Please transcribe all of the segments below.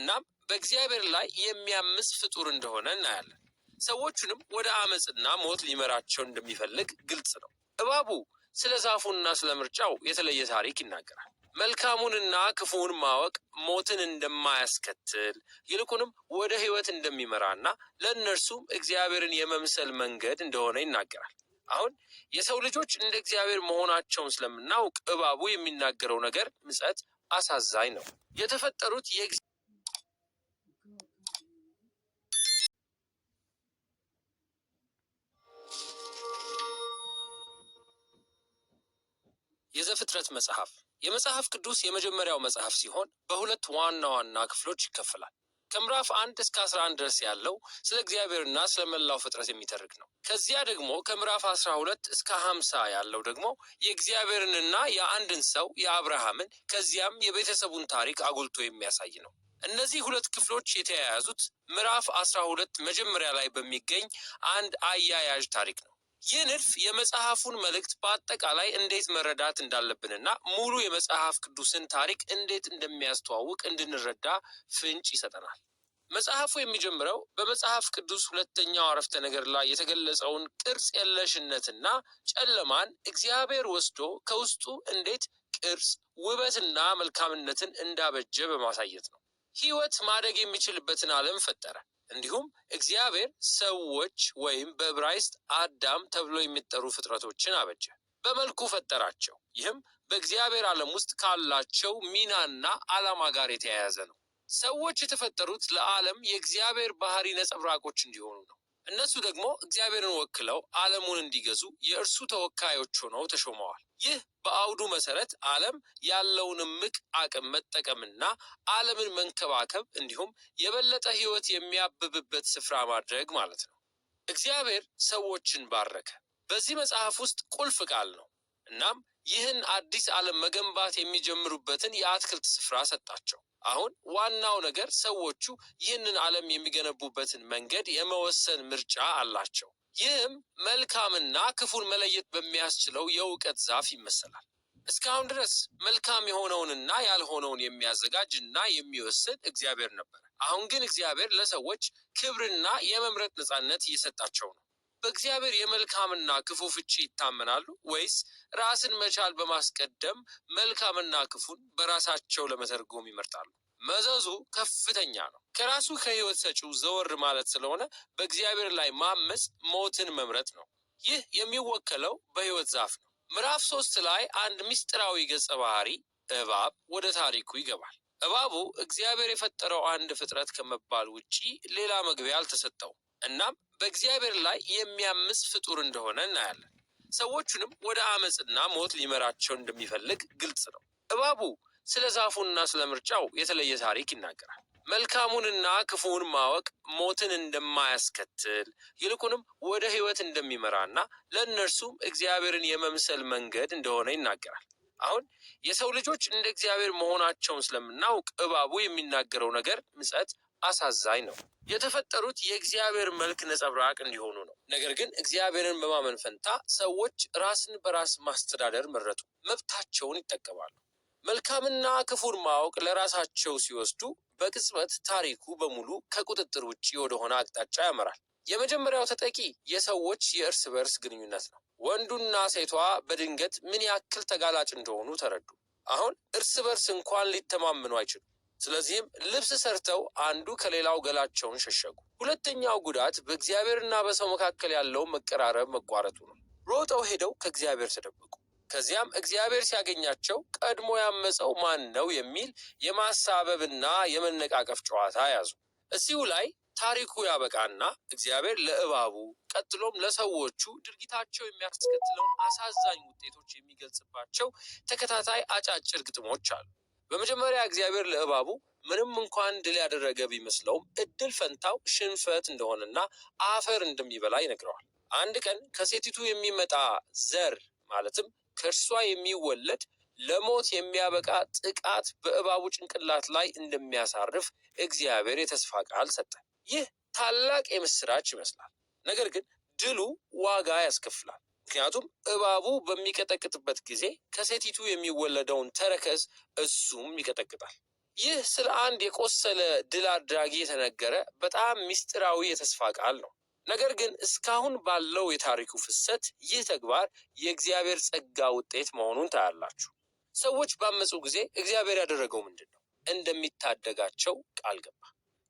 እናም በእግዚአብሔር ላይ የሚያምስ ፍጡር እንደሆነ እናያለን። ሰዎቹንም ወደ አመፅና ሞት ሊመራቸው እንደሚፈልግ ግልጽ ነው። እባቡ ስለ ዛፉና ስለ ምርጫው የተለየ ታሪክ ይናገራል። መልካሙንና ክፉውን ማወቅ ሞትን እንደማያስከትል ይልቁንም ወደ ሕይወት እንደሚመራና ለእነርሱም እግዚአብሔርን የመምሰል መንገድ እንደሆነ ይናገራል። አሁን የሰው ልጆች እንደ እግዚአብሔር መሆናቸውን ስለምናውቅ እባቡ የሚናገረው ነገር ምጸት አሳዛኝ ነው። የተፈጠሩት የዘፍጥረት መጽሐፍ የመጽሐፍ ቅዱስ የመጀመሪያው መጽሐፍ ሲሆን በሁለት ዋና ዋና ክፍሎች ይከፈላል። ከምዕራፍ አንድ እስከ አስራ አንድ ድረስ ያለው ስለ እግዚአብሔርና ስለ መላው ፍጥረት የሚተርክ ነው። ከዚያ ደግሞ ከምዕራፍ አስራ ሁለት እስከ ሀምሳ ያለው ደግሞ የእግዚአብሔርንና የአንድን ሰው የአብርሃምን ከዚያም የቤተሰቡን ታሪክ አጉልቶ የሚያሳይ ነው። እነዚህ ሁለት ክፍሎች የተያያዙት ምዕራፍ አስራ ሁለት መጀመሪያ ላይ በሚገኝ አንድ አያያዥ ታሪክ ነው። ይህ ንድፍ የመጽሐፉን መልእክት በአጠቃላይ እንዴት መረዳት እንዳለብንና ሙሉ የመጽሐፍ ቅዱስን ታሪክ እንዴት እንደሚያስተዋውቅ እንድንረዳ ፍንጭ ይሰጠናል። መጽሐፉ የሚጀምረው በመጽሐፍ ቅዱስ ሁለተኛው አረፍተ ነገር ላይ የተገለጸውን ቅርጽ የለሽነትና ጨለማን እግዚአብሔር ወስዶ ከውስጡ እንዴት ቅርጽ ውበትና መልካምነትን እንዳበጀ በማሳየት ነው። ህይወት ማደግ የሚችልበትን ዓለም ፈጠረ። እንዲሁም እግዚአብሔር ሰዎች ወይም በዕብራይስጥ አዳም ተብሎ የሚጠሩ ፍጥረቶችን አበጀ፣ በመልኩ ፈጠራቸው። ይህም በእግዚአብሔር ዓለም ውስጥ ካላቸው ሚናና ዓላማ ጋር የተያያዘ ነው። ሰዎች የተፈጠሩት ለዓለም የእግዚአብሔር ባህሪ ነጸብራቆች እንዲሆኑ ነው። እነሱ ደግሞ እግዚአብሔርን ወክለው ዓለሙን እንዲገዙ የእርሱ ተወካዮች ሆነው ተሾመዋል። ይህ በአውዱ መሰረት ዓለም ያለውን እምቅ አቅም መጠቀምና ዓለምን መንከባከብ እንዲሁም የበለጠ ሕይወት የሚያብብበት ስፍራ ማድረግ ማለት ነው። እግዚአብሔር ሰዎችን ባረከ በዚህ መጽሐፍ ውስጥ ቁልፍ ቃል ነው። እናም ይህን አዲስ ዓለም መገንባት የሚጀምሩበትን የአትክልት ስፍራ ሰጣቸው። አሁን ዋናው ነገር ሰዎቹ ይህንን ዓለም የሚገነቡበትን መንገድ የመወሰን ምርጫ አላቸው። ይህም መልካምና ክፉን መለየት በሚያስችለው የእውቀት ዛፍ ይመሰላል። እስካሁን ድረስ መልካም የሆነውንና ያልሆነውን የሚያዘጋጅ እና የሚወስን እግዚአብሔር ነበር። አሁን ግን እግዚአብሔር ለሰዎች ክብርና የመምረጥ ነፃነት እየሰጣቸው ነው። በእግዚአብሔር የመልካምና ክፉ ፍቺ ይታመናሉ ወይስ ራስን መቻል በማስቀደም መልካምና ክፉን በራሳቸው ለመተርጎም ይመርጣሉ? መዘዙ ከፍተኛ ነው። ከራሱ ከህይወት ሰጪው ዘወር ማለት ስለሆነ በእግዚአብሔር ላይ ማመፅ ሞትን መምረጥ ነው። ይህ የሚወከለው በህይወት ዛፍ ነው። ምዕራፍ ሶስት ላይ አንድ ምስጢራዊ ገጸ ባህሪ እባብ ወደ ታሪኩ ይገባል። እባቡ እግዚአብሔር የፈጠረው አንድ ፍጥረት ከመባል ውጪ ሌላ መግቢያ አልተሰጠውም። እናም በእግዚአብሔር ላይ የሚያምስ ፍጡር እንደሆነ እናያለን። ሰዎቹንም ወደ አመፅና ሞት ሊመራቸው እንደሚፈልግ ግልጽ ነው። እባቡ ስለ ዛፉና ስለ ምርጫው የተለየ ታሪክ ይናገራል። መልካሙንና ክፉውን ማወቅ ሞትን እንደማያስከትል ይልቁንም ወደ ሕይወት እንደሚመራና ለእነርሱም እግዚአብሔርን የመምሰል መንገድ እንደሆነ ይናገራል። አሁን የሰው ልጆች እንደ እግዚአብሔር መሆናቸውን ስለምናውቅ እባቡ የሚናገረው ነገር ምጸት አሳዛኝ ነው። የተፈጠሩት የእግዚአብሔር መልክ ነጸብራቅ እንዲሆኑ ነው። ነገር ግን እግዚአብሔርን በማመን ፈንታ ሰዎች ራስን በራስ ማስተዳደር መረጡ። መብታቸውን ይጠቀማሉ። መልካምና ክፉን ማወቅ ለራሳቸው ሲወስዱ በቅጽበት ታሪኩ በሙሉ ከቁጥጥር ውጭ ወደሆነ አቅጣጫ ያመራል። የመጀመሪያው ተጠቂ የሰዎች የእርስ በእርስ ግንኙነት ነው። ወንዱና ሴቷ በድንገት ምን ያክል ተጋላጭ እንደሆኑ ተረዱ። አሁን እርስ በርስ እንኳን ሊተማመኑ አይችሉም። ስለዚህም ልብስ ሰርተው አንዱ ከሌላው ገላቸውን ሸሸጉ። ሁለተኛው ጉዳት በእግዚአብሔርና በሰው መካከል ያለው መቀራረብ መቋረጡ ነው። ሮጠው ሄደው ከእግዚአብሔር ተደበቁ። ከዚያም እግዚአብሔር ሲያገኛቸው ቀድሞ ያመፀው ማን ነው የሚል የማሳበብና የመነቃቀፍ ጨዋታ ያዙ። እዚሁ ላይ ታሪኩ ያበቃና እግዚአብሔር ለእባቡ ቀጥሎም ለሰዎቹ ድርጊታቸው የሚያስከትለውን አሳዛኝ ውጤቶች የሚገልጽባቸው ተከታታይ አጫጭር ግጥሞች አሉ። በመጀመሪያ እግዚአብሔር ለእባቡ ምንም እንኳን ድል ያደረገ ቢመስለውም እድል ፈንታው ሽንፈት እንደሆነና አፈር እንደሚበላ ይነግረዋል። አንድ ቀን ከሴቲቱ የሚመጣ ዘር ማለትም ከእርሷ የሚወለድ ለሞት የሚያበቃ ጥቃት በእባቡ ጭንቅላት ላይ እንደሚያሳርፍ እግዚአብሔር የተስፋ ቃል ሰጠ። ይህ ታላቅ የምስራች ይመስላል። ነገር ግን ድሉ ዋጋ ያስከፍላል። ምክንያቱም እባቡ በሚቀጠቅጥበት ጊዜ ከሴቲቱ የሚወለደውን ተረከዝ እሱም ይቀጠቅጣል። ይህ ስለ አንድ የቆሰለ ድል አድራጊ የተነገረ በጣም ምስጢራዊ የተስፋ ቃል ነው። ነገር ግን እስካሁን ባለው የታሪኩ ፍሰት ይህ ተግባር የእግዚአብሔር ጸጋ ውጤት መሆኑን ታያላችሁ። ሰዎች ባመፁ ጊዜ እግዚአብሔር ያደረገው ምንድን ነው? እንደሚታደጋቸው ቃል ገባ።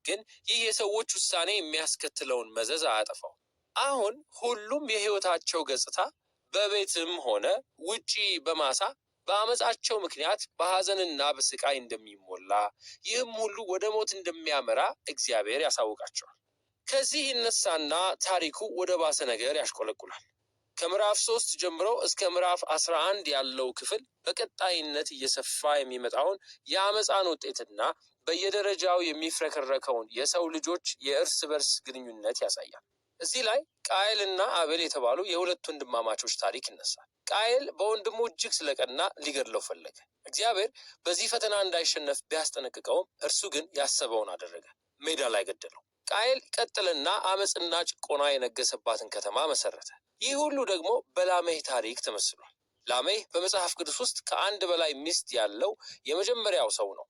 ግን ይህ የሰዎች ውሳኔ የሚያስከትለውን መዘዝ አያጠፋው። አሁን ሁሉም የህይወታቸው ገጽታ በቤትም ሆነ ውጪ በማሳ በአመፃቸው ምክንያት በሐዘንና በስቃይ እንደሚሞላ ይህም ሁሉ ወደ ሞት እንደሚያመራ እግዚአብሔር ያሳውቃቸዋል። ከዚህ ይነሳና ታሪኩ ወደ ባሰ ነገር ያሽቆለቁላል። ከምዕራፍ ሶስት ጀምሮ እስከ ምዕራፍ አስራ አንድ ያለው ክፍል በቀጣይነት እየሰፋ የሚመጣውን የአመፃን ውጤትና በየደረጃው የሚፍረከረከውን የሰው ልጆች የእርስ በርስ ግንኙነት ያሳያል። እዚህ ላይ ቃየል እና አቤል የተባሉ የሁለት ወንድማማቾች ታሪክ ይነሳል። ቃየል በወንድሙ እጅግ ስለቀና ሊገድለው ፈለገ። እግዚአብሔር በዚህ ፈተና እንዳይሸነፍ ቢያስጠነቅቀውም እርሱ ግን ያሰበውን አደረገ፣ ሜዳ ላይ ገደለው። ቃየል ቀጥልና አመፅና ጭቆና የነገሰባትን ከተማ መሰረተ። ይህ ሁሉ ደግሞ በላሜህ ታሪክ ተመስሏል። ላሜህ በመጽሐፍ ቅዱስ ውስጥ ከአንድ በላይ ሚስት ያለው የመጀመሪያው ሰው ነው።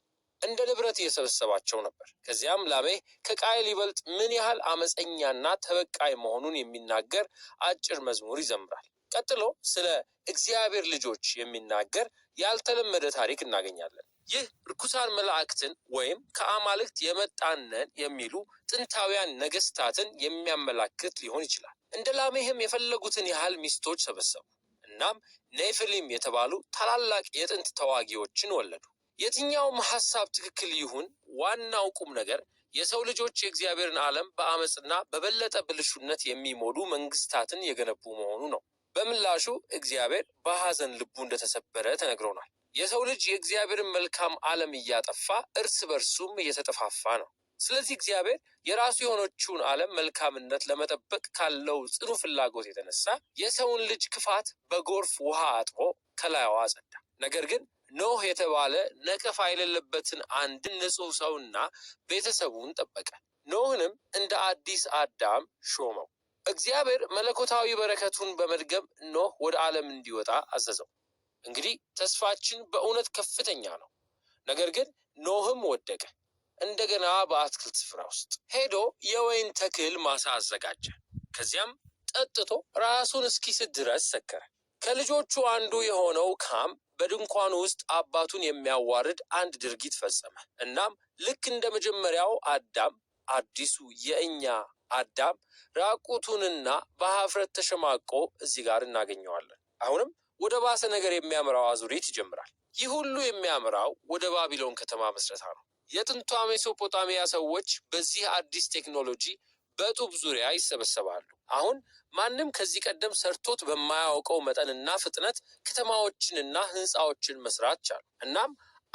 እንደ ንብረት እየሰበሰባቸው ነበር። ከዚያም ላሜ ከቃየል ይበልጥ ምን ያህል አመፀኛና ተበቃይ መሆኑን የሚናገር አጭር መዝሙር ይዘምራል። ቀጥሎ ስለ እግዚአብሔር ልጆች የሚናገር ያልተለመደ ታሪክ እናገኛለን። ይህ ርኩሳን መላእክትን ወይም ከአማልክት የመጣነን የሚሉ ጥንታውያን ነገስታትን የሚያመላክት ሊሆን ይችላል። እንደ ላሜህም የፈለጉትን ያህል ሚስቶች ሰበሰቡ። እናም ኔፍሊም የተባሉ ታላላቅ የጥንት ተዋጊዎችን ወለዱ። የትኛውም ሀሳብ ትክክል ይሁን፣ ዋናው ቁም ነገር የሰው ልጆች የእግዚአብሔርን ዓለም በአመፅና በበለጠ ብልሹነት የሚሞሉ መንግስታትን የገነቡ መሆኑ ነው። በምላሹ እግዚአብሔር በሐዘን ልቡ እንደተሰበረ ተነግሮናል። የሰው ልጅ የእግዚአብሔርን መልካም ዓለም እያጠፋ እርስ በርሱም እየተጠፋፋ ነው። ስለዚህ እግዚአብሔር የራሱ የሆነችውን ዓለም መልካምነት ለመጠበቅ ካለው ጽኑ ፍላጎት የተነሳ የሰውን ልጅ ክፋት በጎርፍ ውሃ አጥቦ ከላይዋ አጸዳ። ነገር ግን ኖህ የተባለ ነቀፋ የሌለበትን አንድን ንጹህ ሰውና ቤተሰቡን ጠበቀ። ኖህንም እንደ አዲስ አዳም ሾመው። እግዚአብሔር መለኮታዊ በረከቱን በመድገም ኖህ ወደ ዓለም እንዲወጣ አዘዘው። እንግዲህ ተስፋችን በእውነት ከፍተኛ ነው። ነገር ግን ኖህም ወደቀ። እንደገና በአትክልት ስፍራ ውስጥ ሄዶ የወይን ተክል ማሳ አዘጋጀ። ከዚያም ጠጥቶ ራሱን እስኪስት ድረስ ሰከረ። ከልጆቹ አንዱ የሆነው ካም በድንኳኑ ውስጥ አባቱን የሚያዋርድ አንድ ድርጊት ፈጸመ። እናም ልክ እንደ መጀመሪያው አዳም አዲሱ የእኛ አዳም ራቁቱንና በሀፍረት ተሸማቆ እዚህ ጋር እናገኘዋለን። አሁንም ወደ ባሰ ነገር የሚያምራው አዙሪት ይጀምራል። ይህ ሁሉ የሚያምራው ወደ ባቢሎን ከተማ መስረታ ነው። የጥንቷ ሜሶፖጣሚያ ሰዎች በዚህ አዲስ ቴክኖሎጂ በጡብ ዙሪያ ይሰበሰባሉ። አሁን ማንም ከዚህ ቀደም ሰርቶት በማያውቀው መጠንና ፍጥነት ከተማዎችንና ህንፃዎችን መስራት ቻሉ። እናም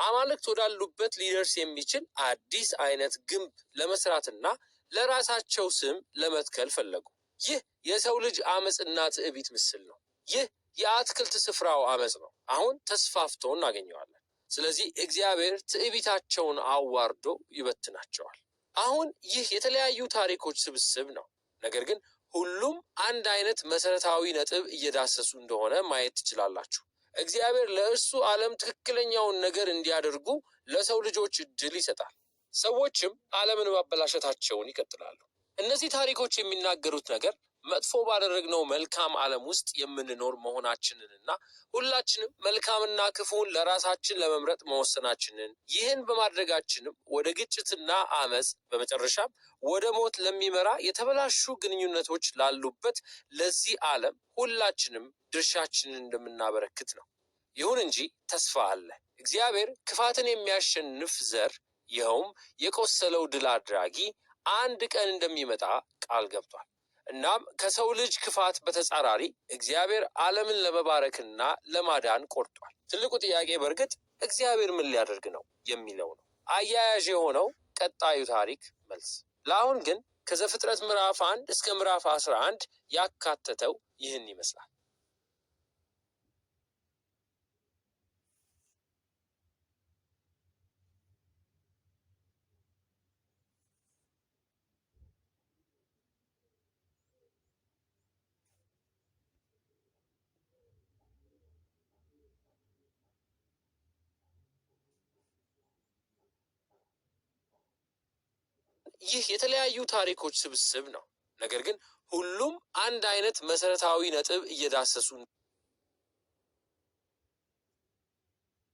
አማልክት ወዳሉበት ሊደርስ የሚችል አዲስ አይነት ግንብ ለመስራትና ለራሳቸው ስም ለመትከል ፈለጉ። ይህ የሰው ልጅ አመፅና ትዕቢት ምስል ነው። ይህ የአትክልት ስፍራው አመፅ ነው። አሁን ተስፋፍቶ እናገኘዋለን። ስለዚህ እግዚአብሔር ትዕቢታቸውን አዋርዶ ይበትናቸዋል። አሁን ይህ የተለያዩ ታሪኮች ስብስብ ነው። ነገር ግን ሁሉም አንድ አይነት መሰረታዊ ነጥብ እየዳሰሱ እንደሆነ ማየት ትችላላችሁ። እግዚአብሔር ለእርሱ ዓለም ትክክለኛውን ነገር እንዲያደርጉ ለሰው ልጆች እድል ይሰጣል። ሰዎችም ዓለምን ማበላሸታቸውን ይቀጥላሉ። እነዚህ ታሪኮች የሚናገሩት ነገር መጥፎ ባደረግነው መልካም ዓለም ውስጥ የምንኖር መሆናችንንና ሁላችንም መልካምና ክፉን ለራሳችን ለመምረጥ መወሰናችንን ይህን በማድረጋችንም ወደ ግጭትና አመፅ በመጨረሻም ወደ ሞት ለሚመራ የተበላሹ ግንኙነቶች ላሉበት ለዚህ ዓለም ሁላችንም ድርሻችንን እንደምናበረክት ነው። ይሁን እንጂ ተስፋ አለ። እግዚአብሔር ክፋትን የሚያሸንፍ ዘር ይኸውም የቆሰለው ድል አድራጊ አንድ ቀን እንደሚመጣ ቃል ገብቷል። እናም ከሰው ልጅ ክፋት በተጻራሪ እግዚአብሔር ዓለምን ለመባረክና ለማዳን ቆርጧል። ትልቁ ጥያቄ በእርግጥ እግዚአብሔር ምን ሊያደርግ ነው የሚለው ነው። አያያዥ የሆነው ቀጣዩ ታሪክ መልስ። ለአሁን ግን ከዘፍጥረት ምዕራፍ አንድ እስከ ምዕራፍ አስራ አንድ ያካተተው ይህን ይመስላል። ይህ የተለያዩ ታሪኮች ስብስብ ነው። ነገር ግን ሁሉም አንድ አይነት መሰረታዊ ነጥብ እየዳሰሱ